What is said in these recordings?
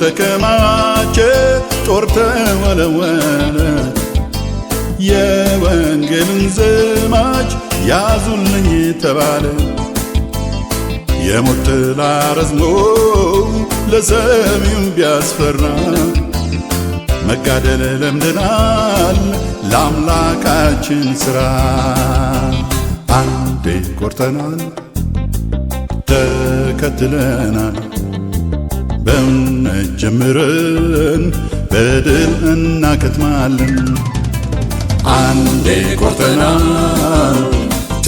ተከማቸ፣ ጦር ተወለወለ። የወንጌልን ዘማች ያዙልኝ ተባለ። የሞት ጥላ ረዝሞ ለሰሚው ቢያስፈራ መጋደል ለምደናል ለአምላካችን ሥራ። አንዴ ቆርጠናል፣ ተከትለናል በእውነት ጀምረን በድል እናከትማለን። አንዴ ቆርጠናል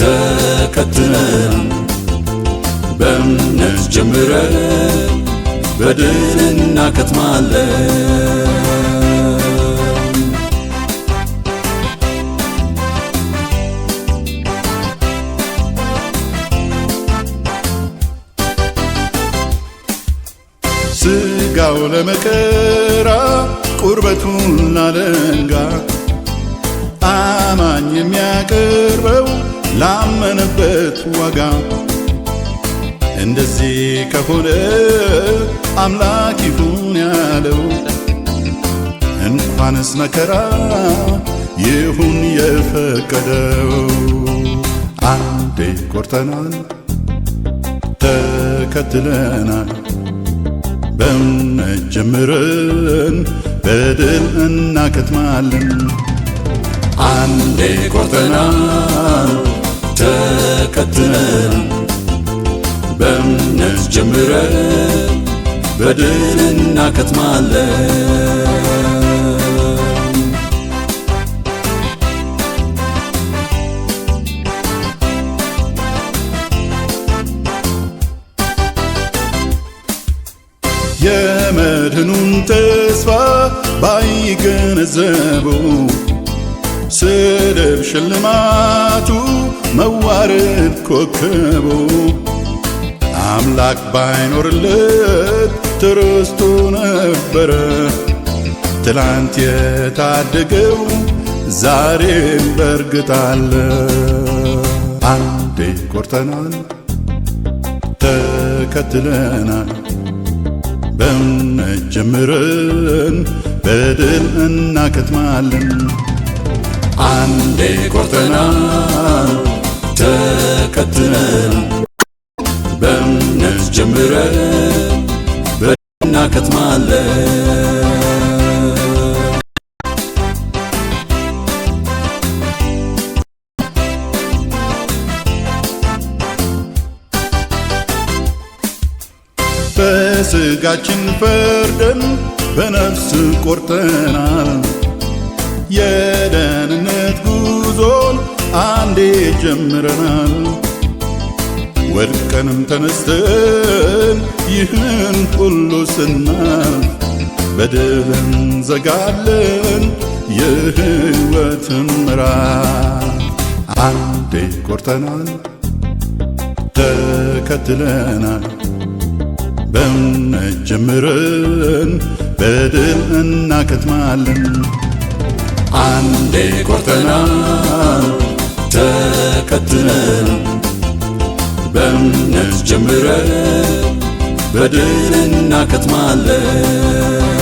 ተከትለን በእምነት ጀምረን በድል እናከትማለን። ስጋው ለመከራ ቁርበቱን ላለንጋ አማኝ የሚያቀርበው ላመነበት ዋጋ እንደዚህ ከሆነ አምላክ ይሁን ያለው እንኳንስ መከራ ይሁን የፈቀደው። አንዴ ቆርተናል፣ ተከትለናል በእምነት ጀምረን በድል እናከትማለን። አንዴ ቆርጠናል ተከትለን በእምነት ጀምረን በድል እናከትማለን። የመድህኑን ተስፋ ባይገነዘቡ ስድብ ሽልማቱ መዋረድ ኮከቡ አምላክ ባይኖርለት ትርስቱ ነበረ። ትላንት የታደገው ዛሬም በርግጣለ አንዴ ቆርጠናል፣ ተከትለናል ጀምረን በድል እናከትማለን። አንዴ ቆርጠናል ተከትለን በእምነት ጀምረን በድል እናከትማለን። በሥጋችን ፈርደን በነፍስ ቆርጠናል። የደህንነት ጉዞን አንዴ ጀምረናል። ወድቀንም ተነስተን ይህን ሁሉ ስናል በድልን ዘጋለን የህይወትን ምዕራፍ አንዴ ቆርጠናል ተከትለናል በእውነት ጀምረን በድል እናከትማለን። አንዴ ቆርጠናል ተቀትነን በእምነት ጀምረን በድል እናከትማለን።